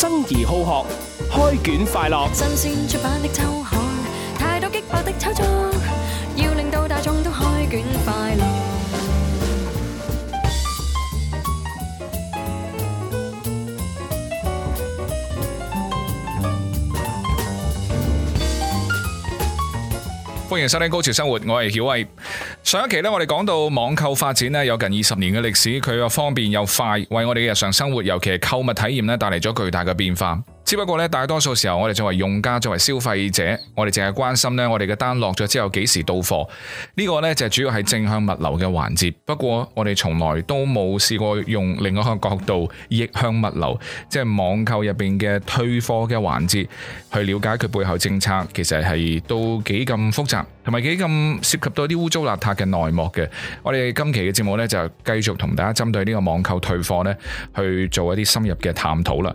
生而好學，開卷快樂。 樂歡迎收聽《高潮生活》，我係小威。上一期咧，我哋講到網購發展咧有近二十年嘅歷史，佢又方便又快，為我哋嘅日常生活，尤其係購物體驗咧，帶嚟咗巨大嘅變化。只不過咧，大多數時候我哋作為用家，作為消費者，我哋淨係關心呢，我哋嘅單落咗之後幾時到貨？呢個呢，就主要係正向物流嘅環節。不過我哋從來都冇試過用另外一個角度逆向物流，即係網購入邊嘅退貨嘅環節去了解佢背後政策，其實係都幾咁複雜，同埋幾咁涉及到啲污糟邋遢嘅內幕嘅。我哋今期嘅節目呢，就繼續同大家針對呢個網購退貨呢，去做一啲深入嘅探討啦。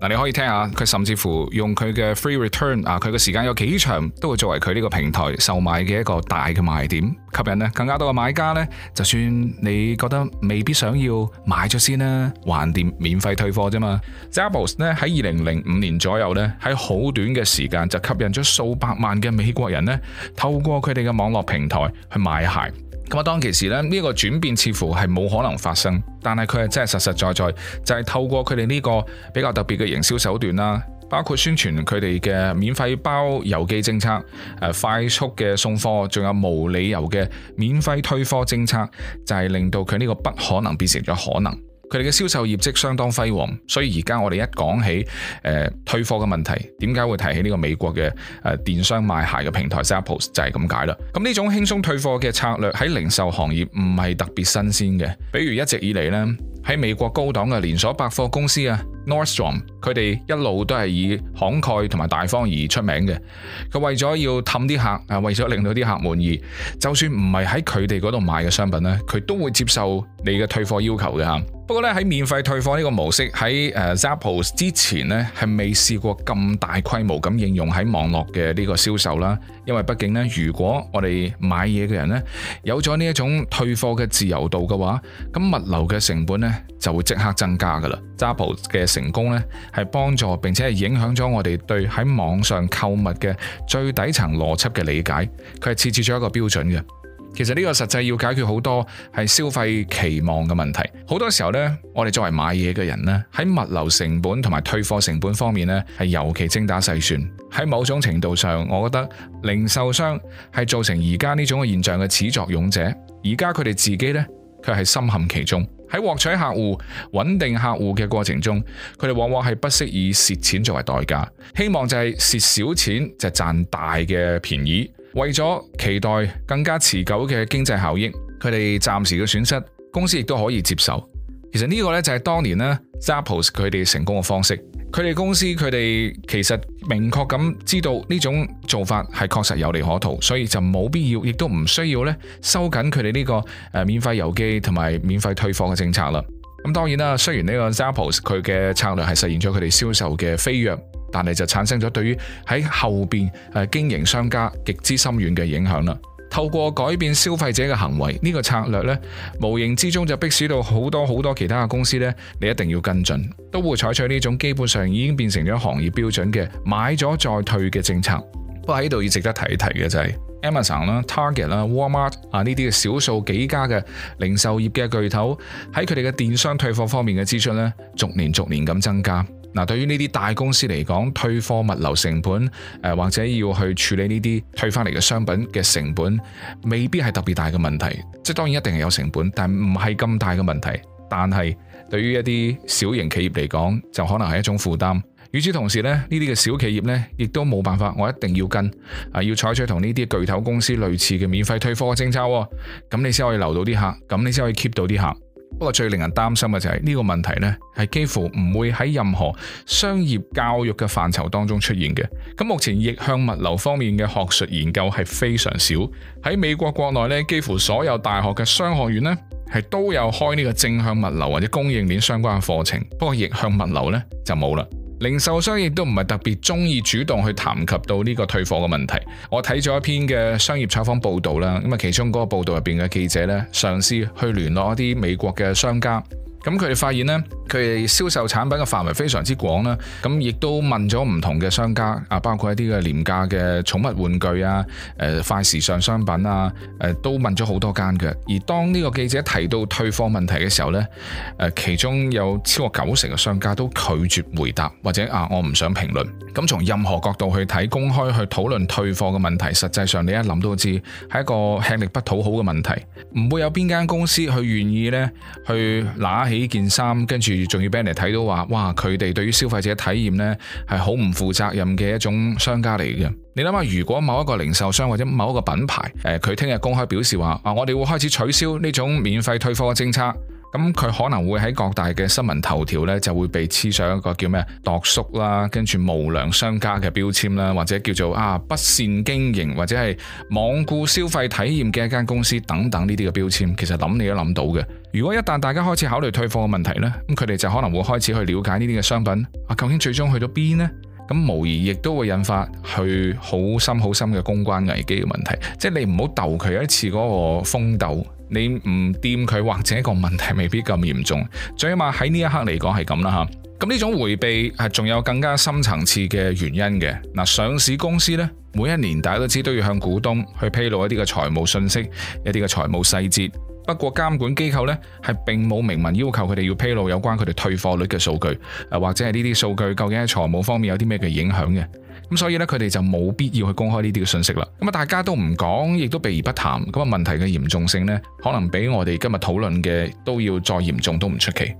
嗱，你可以聽下，佢甚至乎用佢嘅 free return 啊，佢嘅時間有幾長，都會作為佢呢個平台售賣嘅一個大嘅賣點，吸引咧更加多嘅買家呢。就算你覺得未必想要買咗先啦，還掂免費退貨啫嘛。Zappos 咧喺二零零五年左右呢，喺好短嘅時間就吸引咗數百萬嘅美國人呢，透過佢哋嘅網絡平台去買鞋。咁當其時咧，呢一個轉變似乎係冇可能發生，但係佢係真係實實在在，就係透過佢哋呢個比較特別嘅營銷手段啦，包括宣傳佢哋嘅免費包郵寄政策、快速嘅送貨，仲有無理由嘅免費退貨政策，就係令到佢呢個不可能變成咗可能。佢哋嘅銷售業績相當輝煌，所以而家我哋一講起誒、呃、退貨嘅問題，點解會提起呢個美國嘅誒、呃、電商賣鞋嘅平台 Zappos 就係咁解啦。咁呢種輕鬆退貨嘅策略喺零售行業唔係特別新鮮嘅。比如一直以嚟呢，喺美國高檔嘅連鎖百貨公司啊 Nordstrom，佢哋一路都係以慷慨同埋大方而出名嘅。佢為咗要氹啲客，啊，為咗令到啲客滿意，就算唔係喺佢哋嗰度買嘅商品呢，佢都會接受你嘅退貨要求嘅嚇。不過咧，喺免費退貨呢個模式喺誒 Zappos 之前咧，係未試過咁大規模咁應用喺網絡嘅呢個銷售啦，因為畢竟咧，如果我哋買嘢嘅人咧，有咗呢一種退貨嘅自由度嘅話，咁物流嘅成本咧，就會即刻增加噶啦。Zappos 嘅成功咧，係幫助並且係影響咗我哋對喺網上購物嘅最底層邏輯嘅理解，佢係設置咗一個標準嘅。其實呢個實際要解決好多係消費期望嘅問題，好多時候呢，我哋作為買嘢嘅人呢，喺物流成本同埋退貨成本方面呢，係尤其精打細算。喺某種程度上，我覺得零售商係造成而家呢種嘅現象嘅始作俑者，而家佢哋自己呢，卻係深陷其中。喺獲取客戶、穩定客戶嘅過程中，佢哋往往係不惜以蝕錢作為代價，希望就係蝕少錢就賺大嘅便宜。為咗期待更加持久嘅經濟效益，佢哋暫時嘅損失，公司亦都可以接受。其實呢個呢，就係當年呢 Zappos 佢哋成功嘅方式。佢哋公司佢哋其實明確咁知道呢種做法係確實有利可圖，所以就冇必要，亦都唔需要咧收緊佢哋呢個誒免費郵寄同埋免費退貨嘅政策啦。咁當然啦，雖然呢個 Zappos 佢嘅策略係實現咗佢哋銷售嘅飛躍。但係就產生咗對於喺後邊誒經營商家極之深遠嘅影響啦。透過改變消費者嘅行為呢，這個策略呢，無形之中就迫使到好多好多其他嘅公司呢，你一定要跟進，都會採取呢種基本上已經變成咗行業標準嘅買咗再退嘅政策。不過喺度要值得提一提嘅就係 Amazon 啦、Target 啦、Walmart 啊呢啲嘅少數幾家嘅零售業嘅巨頭喺佢哋嘅電商退貨方面嘅支出呢，逐年逐年咁增加。嗱，對於呢啲大公司嚟講，退貨物流成本誒、呃、或者要去處理呢啲退翻嚟嘅商品嘅成本未必係特別大嘅問題，即係當然一定係有成本，但唔係咁大嘅問題。但係對於一啲小型企業嚟講，就可能係一種負擔。與此同時咧，呢啲嘅小企業呢亦都冇辦法，我一定要跟啊，要採取同呢啲巨頭公司類似嘅免費退貨嘅政策。咁你先可以留到啲客，咁你先可以 keep 到啲客。不過最令人擔心嘅就係呢個問題呢，係幾乎唔會喺任何商業教育嘅範疇當中出現嘅。咁目前逆向物流方面嘅學術研究係非常少。喺美國國內呢，幾乎所有大學嘅商學院呢，係都有開呢個正向物流或者供應鏈相關嘅課程，不過逆向物流呢，就冇啦。零售商亦都唔係特別中意主動去談及到呢個退貨嘅問題。我睇咗一篇嘅商業採訪報道啦，咁啊其中嗰個報道入邊嘅記者咧，嘗試去聯絡一啲美國嘅商家。咁佢哋發現咧，佢哋銷售產品嘅範圍非常之廣啦。咁亦都問咗唔同嘅商家啊，包括一啲嘅廉價嘅寵物玩具啊，誒快時尚商品啊，誒都問咗好多間嘅。而當呢個記者提到退貨問題嘅時候咧，誒，啊，其中有超過九成嘅商家都拒絕回答，或者啊我唔想評論。咁，啊，從任何角度去睇，公開去討論退貨嘅問題，實際上你一諗都知係一個吃力不討好嘅問題，唔會有邊間公司去願意咧去拿起件衫，跟住仲要俾人嚟睇到話，哇！佢哋對於消費者體驗咧，係好唔負責任嘅一種商家嚟嘅。你諗下，如果某一個零售商或者某一個品牌，誒、呃，佢聽日公開表示話，啊，我哋會開始取消呢種免費退貨嘅政策，咁、嗯、佢可能會喺各大嘅新聞頭條咧，就會被黐上一個叫咩，度縮啦，跟住無良商家嘅標籤啦，或者叫做啊不善經營或者係罔顧消費體驗嘅一間公司等等呢啲嘅標籤，其實諗你都諗到嘅。如果一旦大家開始考慮退貨嘅問題呢，咁佢哋就可能會開始去了解呢啲嘅商品啊，究竟最終去到邊呢？咁無疑亦都會引發去好深好深嘅公關危機嘅問題，即係你唔好篤佢一次嗰個蜂竇，你唔掂佢或者個問題未必咁嚴重，最起碼喺呢一刻嚟講係咁啦吓。咁呢種回避係仲有更加深層次嘅原因嘅嗱，上市公司呢，每一年大家都知都要向股東去披露一啲嘅財務信息、一啲嘅財務細節。不過監管機構呢，係並冇明文要求佢哋要披露有關佢哋退貨率嘅數據，或者係呢啲數據究竟喺財務方面有啲咩嘅影響嘅。咁所以咧，佢哋就冇必要去公開呢啲嘅信息啦。咁啊，大家都唔講，亦都避而不談。咁啊，問題嘅嚴重性呢，可能比我哋今日討論嘅都要再嚴重都唔出奇。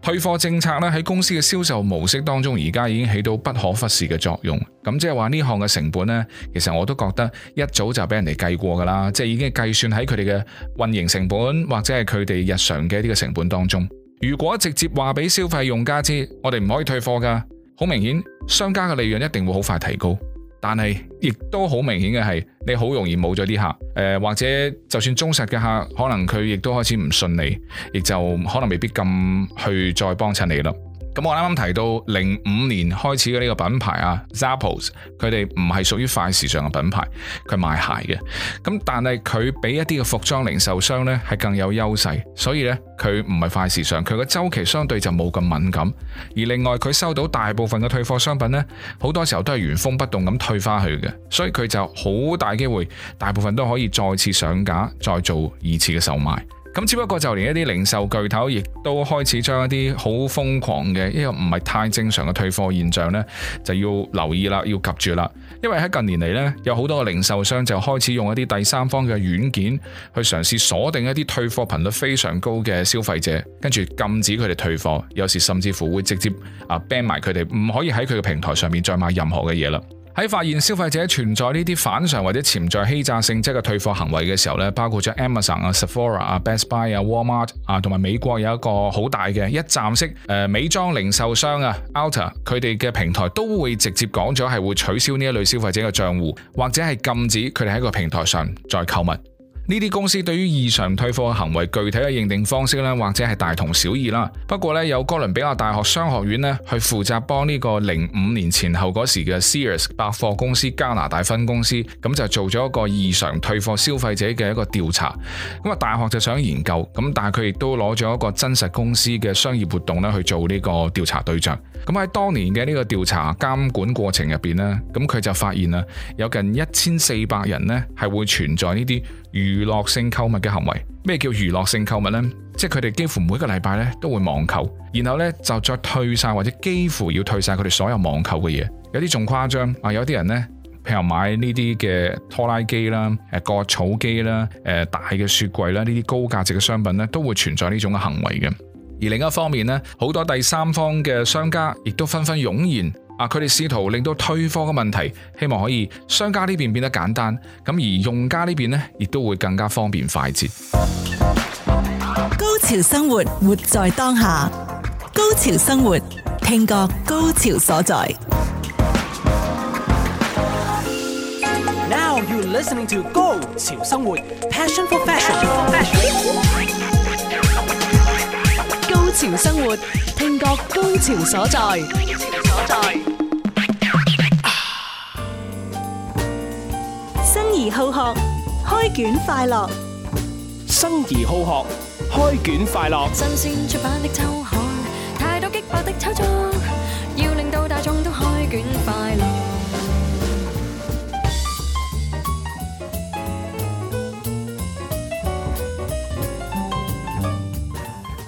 退貨政策呢，喺公司嘅銷售模式當中，而家已經起到不可忽視嘅作用。咁即係話，呢項嘅成本呢，其實我都覺得一早就俾人哋計過噶啦，即係已經計算喺佢哋嘅運營成本或者係佢哋日常嘅一啲嘅成本當中。如果直接話俾消費用家知，我哋唔可以退貨噶，好明顯。商家嘅利潤一定會好快提高，但係亦都好明顯嘅係，你好容易冇咗啲客，誒、呃、或者就算忠實嘅客，可能佢亦都開始唔信你，亦就可能未必咁去再幫襯你啦。咁我啱啱提到零五年開始嘅呢個品牌啊，Zappos，佢哋唔係屬於快時尚嘅品牌，佢賣鞋嘅。咁但係佢比一啲嘅服裝零售商呢係更有優勢，所以呢，佢唔係快時尚，佢嘅周期相對就冇咁敏感。而另外佢收到大部分嘅退貨商品呢，好多時候都係原封不動咁退翻去嘅，所以佢就好大機會，大部分都可以再次上架，再做二次嘅售賣。咁只不過，就連一啲零售巨頭亦都開始將一啲好瘋狂嘅一個唔係太正常嘅退貨現象呢，就要留意啦，要及住啦。因為喺近年嚟呢，有好多嘅零售商就開始用一啲第三方嘅軟件去嘗試鎖定一啲退貨頻率非常高嘅消費者，跟住禁止佢哋退貨。有時甚至乎會直接啊 ban 埋佢哋，唔可以喺佢嘅平台上面再買任何嘅嘢啦。喺發現消費者存在呢啲反常或者潛在欺詐性質嘅退貨行為嘅時候咧，包括咗 Amazon 啊、Sephora 啊、Best Buy 啊、Walmart 啊，同埋美國有一個好大嘅一站式誒美妝零售商啊，Ulta，佢哋嘅平台都會直接講咗係會取消呢一類消費者嘅賬戶，或者係禁止佢哋喺個平台上再購物。呢啲公司對於異常退貨嘅行為具體嘅認定方式呢，或者係大同小異啦。不過呢，有哥倫比亞大學商學院呢，去負責幫呢個零五年前後嗰時嘅 Sears 百貨公司加拿大分公司，咁就做咗一個異常退貨消費者嘅一個調查。咁啊，大學就想研究，咁但係佢亦都攞咗一個真實公司嘅商業活動呢去做呢個調查對象。咁喺當年嘅呢個調查監管過程入邊呢，咁佢就發現啦，有近一千四百人呢係會存在呢啲娛樂性購物嘅行為，咩叫娛樂性購物呢？即係佢哋幾乎每個禮拜咧都會網購，然後呢就再退晒或者幾乎要退晒佢哋所有網購嘅嘢。有啲仲誇張啊！有啲人呢，譬如買呢啲嘅拖拉機啦、誒割草機啦、誒、呃、大嘅雪櫃啦，呢啲高價值嘅商品呢，都會存在呢種嘅行為嘅。而另一方面呢，好多第三方嘅商家亦都紛紛湧現。佢哋試圖令到退貨嘅問題，希望可以商家呢邊變得簡單，咁而用家呢邊呢亦都會更加方便快捷。高潮生活，活在當下。高潮生活，聽覺高潮所在。Now you're listening to 高潮生活，Passion for Fashion。高潮生活，聽覺高潮所在。高潮所在。好學開卷快樂，生而好學開卷快樂。新鮮出版的周刊，太多激烈的炒作，要令到大眾都開卷快樂。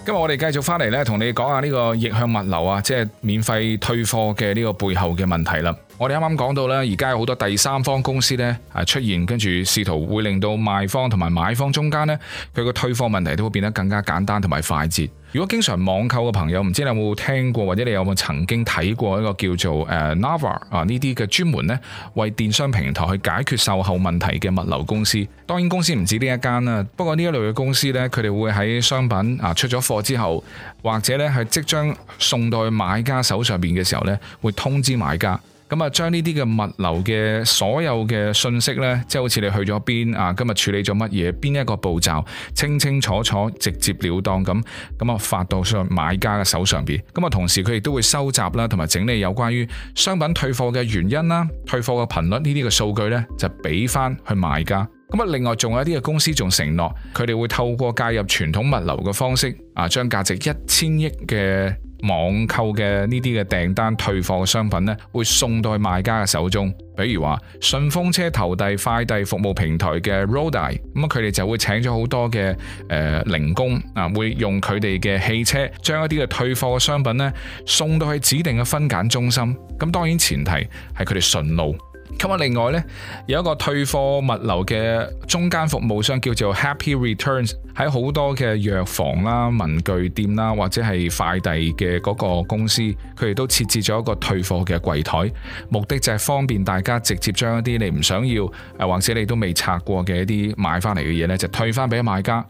今日我哋繼續翻嚟，咧，同你講下呢個逆向物流啊，即係免費退貨嘅呢個背後嘅問題啦。我哋啱啱講到呢，而家有好多第三方公司呢，啊，出現跟住試圖會令到賣方同埋買方中間呢，佢個退貨問題都會變得更加簡單同埋快捷。如果經常網購嘅朋友，唔知你有冇聽過，或者你有冇曾經睇過一個叫做誒 Naver 啊呢啲嘅專門呢，為電商平台去解決售後問題嘅物流公司。當然公司唔止呢一間啦，不過呢一類嘅公司呢，佢哋會喺商品啊出咗貨之後，或者呢係即將送到去買家手上邊嘅時候呢，會通知買家。咁啊，將呢啲嘅物流嘅所有嘅信息呢，即係好似你去咗邊啊，今日處理咗乜嘢，邊一個步驟，清清楚楚、直接了當咁，咁啊發到上買家嘅手上邊。咁啊，同時佢亦都會收集啦，同埋整理有關於商品退貨嘅原因啦、退貨嘅頻率呢啲嘅數據呢，就俾翻去買家。咁啊，另外仲有一啲嘅公司仲承諾，佢哋會透過介入傳統物流嘅方式啊，將價值一千億嘅網購嘅呢啲嘅訂單退貨商品咧，會送到去賣家嘅手中。比如話，順風車投遞快遞服務平台嘅 Roda，咁佢哋就會請咗好多嘅誒、呃、零工啊，會用佢哋嘅汽車將一啲嘅退貨嘅商品咧送到去指定嘅分揀中心。咁當然前提係佢哋順路。咁啊，另外咧，有一個退貨物流嘅中間服務商叫做 Happy Returns，喺好多嘅藥房啦、文具店啦，或者係快遞嘅嗰個公司，佢哋都設置咗一個退貨嘅櫃台，目的就係方便大家直接將一啲你唔想要，或者你都未拆過嘅一啲買翻嚟嘅嘢咧，就退翻俾賣家。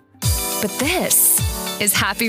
But this is happy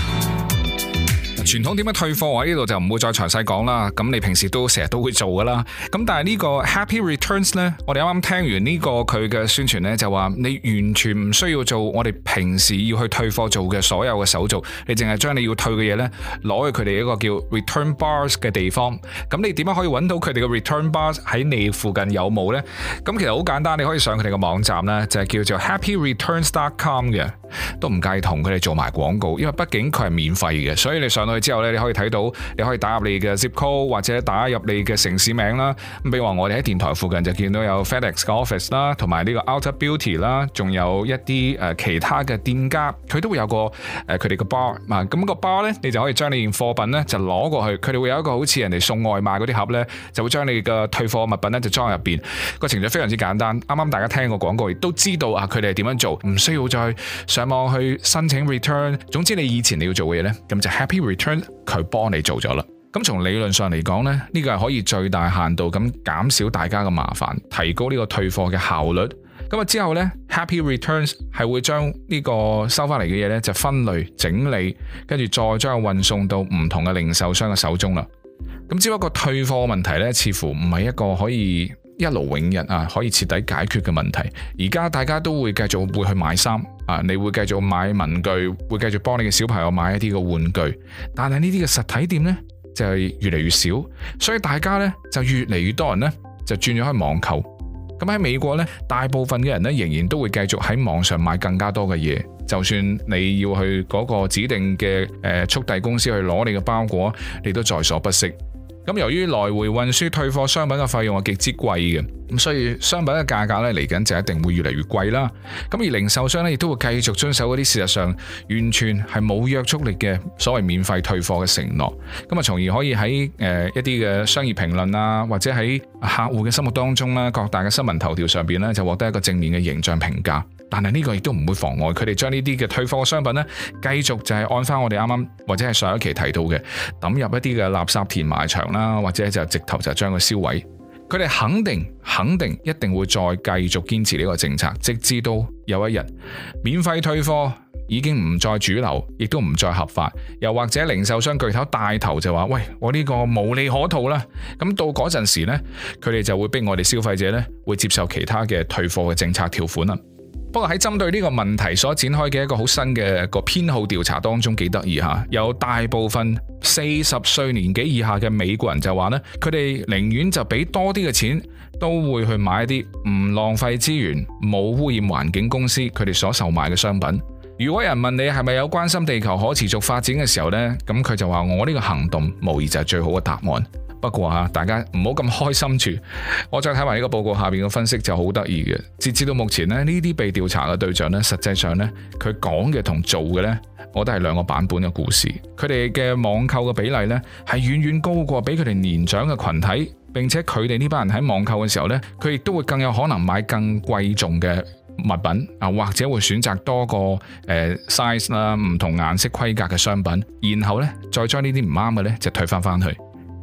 傳統點樣退貨，我喺呢度就唔會再詳細講啦。咁你平時都成日都會做噶啦。咁但係呢個 Happy Returns 呢，我哋啱啱聽完呢個佢嘅宣傳呢，就話你完全唔需要做我哋平時要去退貨做嘅所有嘅手續，你淨係將你要退嘅嘢呢攞去佢哋一個叫 Return Bars 嘅地方。咁你點樣可以揾到佢哋嘅 Return Bars 喺你附近有冇呢？咁其實好簡單，你可以上佢哋嘅網站呢，就係叫做 HappyReturns.com 嘅。都唔介意同佢哋做埋廣告，因為畢竟佢係免費嘅，所以你上去之後呢，你可以睇到，你可以打入你嘅 Zip Code 或者打入你嘅城市名啦。咁比如話，我哋喺電台附近就見到有 FedEx 嘅 office 啦，同埋呢個 Outer Beauty 啦，仲有一啲誒、呃、其他嘅店家，佢都會有個誒佢哋嘅包啊。咁、嗰個包呢，你就可以將你件貨品呢就攞過去，佢哋會有一個好似人哋送外賣嗰啲盒呢，就會將你嘅退貨物品呢就裝入邊。這個程序非常之簡單，啱啱大家聽過廣告亦都知道啊，佢哋係點樣做，唔需要再上。望去申請 return，總之你以前你要做嘅嘢呢，咁就 Happy Return 佢幫你做咗啦。咁從理論上嚟講呢，呢個係可以最大限度咁減少大家嘅麻煩，提高呢個退貨嘅效率。咁啊之後呢 Happy Returns 係會將呢個收翻嚟嘅嘢呢，就分類整理，跟住再將佢運送到唔同嘅零售商嘅手中啦。咁只不過退貨問題呢，似乎唔係一個可以一勞永逸，啊，可以徹底解決嘅問題。而家大家都會繼續會去買衫。啊！你會繼續買文具，會繼續幫你嘅小朋友買一啲嘅玩具，但係呢啲嘅實體店呢，就係越嚟越少，所以大家呢就越嚟越多人呢就轉咗去網購。咁喺美國呢，大部分嘅人呢仍然都會繼續喺網上買更加多嘅嘢，就算你要去嗰個指定嘅誒速遞公司去攞你嘅包裹，你都在所不惜。咁由於來回運輸退貨商品嘅費用係極之貴嘅，咁所以商品嘅價格呢嚟緊就一定會越嚟越貴啦。咁而零售商呢亦都會繼續遵守嗰啲事實上完全係冇約束力嘅所謂免費退貨嘅承諾，咁啊從而可以喺誒一啲嘅商業評論啊，或者喺客戶嘅心目當中啦，各大嘅新聞頭條上邊呢，就獲得一個正面嘅形象評價。但係呢個亦都唔會妨礙佢哋將呢啲嘅退貨商品呢，繼續就係按翻我哋啱啱或者係上一期提到嘅，抌入一啲嘅垃圾填埋場啦，或者就直頭就將佢燒毀。佢哋肯定肯定一定會再繼續堅持呢個政策，直至到有一日免費退貨已經唔再主流，亦都唔再合法，又或者零售商巨頭帶頭就話：喂，我呢個無利可圖啦。咁到嗰陣時呢，佢哋就會逼我哋消費者呢，會接受其他嘅退貨嘅政策條款啦。不過喺針對呢個問題所展開嘅一個好新嘅個偏好調查當中，幾得意吓，有大部分四十歲年紀以下嘅美國人就話呢，佢哋寧願就俾多啲嘅錢，都會去買一啲唔浪費資源、冇污染環境公司佢哋所售賣嘅商品。如果有人問你係咪有關心地球可持續發展嘅時候呢，咁佢就話我呢個行動無疑就係最好嘅答案。不過嚇，大家唔好咁開心住。我再睇埋呢個報告下邊嘅分析就好得意嘅。截至到目前呢，呢啲被調查嘅對象呢，實際上呢，佢講嘅同做嘅呢，我都係兩個版本嘅故事。佢哋嘅網購嘅比例呢，係遠遠高過比佢哋年長嘅群體。並且佢哋呢班人喺網購嘅時候呢，佢亦都會更有可能買更貴重嘅物品啊，或者會選擇多個誒、呃、size 啦、唔同顏色規格嘅商品，然後呢，再將呢啲唔啱嘅呢，就退翻翻去。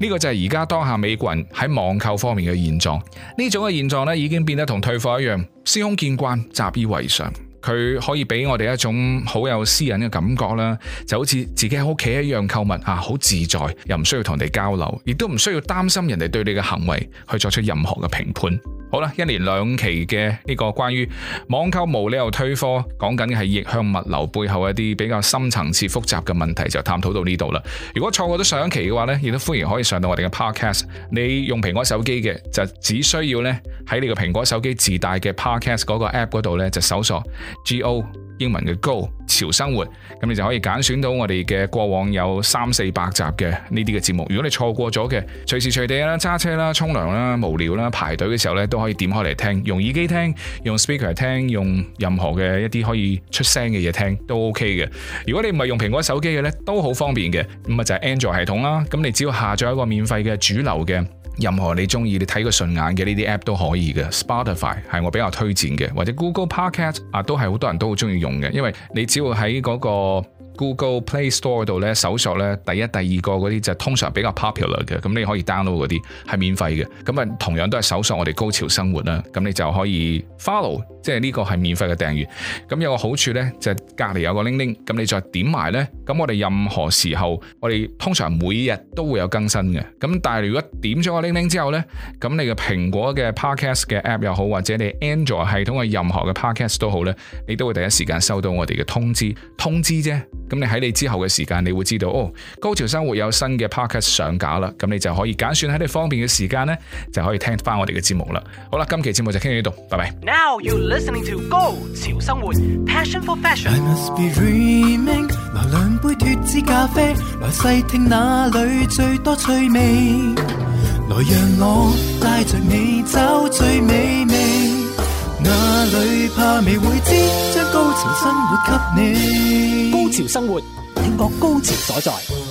呢個就係而家當下美國人喺網購方面嘅現狀，呢種嘅現狀咧已經變得同退貨一樣，司空見慣，習以為常。佢可以俾我哋一種好有私隱嘅感覺啦，就好似自己喺屋企一樣購物啊，好自在，又唔需要同人哋交流，亦都唔需要擔心人哋對你嘅行為去作出任何嘅評判。好啦，一年兩期嘅呢個關於網購無理由退貨，講緊嘅係逆向物流背後一啲比較深層次、複雜嘅問題，就探討到呢度啦。如果錯過咗上一期嘅話呢，亦都歡迎可以上到我哋嘅 Podcast。你用蘋果手機嘅就只需要呢喺你個蘋果手機自帶嘅 Podcast 嗰個 App 嗰度呢，就搜索 G O。英文嘅高潮生活，咁你就可以揀選到我哋嘅過往有三四百集嘅呢啲嘅節目。如果你錯過咗嘅，隨時隨地啦、揸車啦、沖涼啦、無聊啦、排隊嘅時候呢，都可以點開嚟聽，用耳機聽，用 speaker 聽，用任何嘅一啲可以出聲嘅嘢聽都 OK 嘅。如果你唔係用蘋果手機嘅呢，都好方便嘅。咁啊就係 Android 系統啦。咁你只要下載一個免費嘅主流嘅。任何你鍾意，你睇個順眼嘅呢啲 app 都可以嘅，Spotify 係我比較推薦嘅，或者 Google Podcast 啊，都係好多人都好鍾意用嘅，因為你只要喺嗰個。Google Play Store 度咧，搜索咧第一、第二個嗰啲就通常比較 popular 嘅，咁你可以 download 嗰啲係免費嘅。咁啊，同樣都係搜索我哋高潮生活啦。咁你就可以 follow，即係呢個係免費嘅訂閱。咁有個好處呢，就係隔離有個鈴鈴，咁你再點埋呢，咁我哋任何時候，我哋通常每日都會有更新嘅。咁但係如果點咗個鈴鈴之後呢，咁你嘅蘋果嘅 podcast 嘅 app 又好，或者你 Android 系統嘅任何嘅 podcast 都好呢，你都會第一時間收到我哋嘅通知通知啫。咁你喺你之後嘅時間，你會知道哦，高潮生活有新嘅 Podcast 上架啦，咁你就可以揀選喺你方便嘅時間呢，就可以聽翻我哋嘅節目啦。好啦，今期節目就傾到呢度，拜拜。Now you listening，passion for fashion，be dreaming，you to for 高潮生活，嗱兩杯脫脂咖啡，嗱細聽，那裏最多趣味，來讓我帶着你走最美味哪裏怕未會知，將高潮生活給你。高潮生活，聽講高潮所在。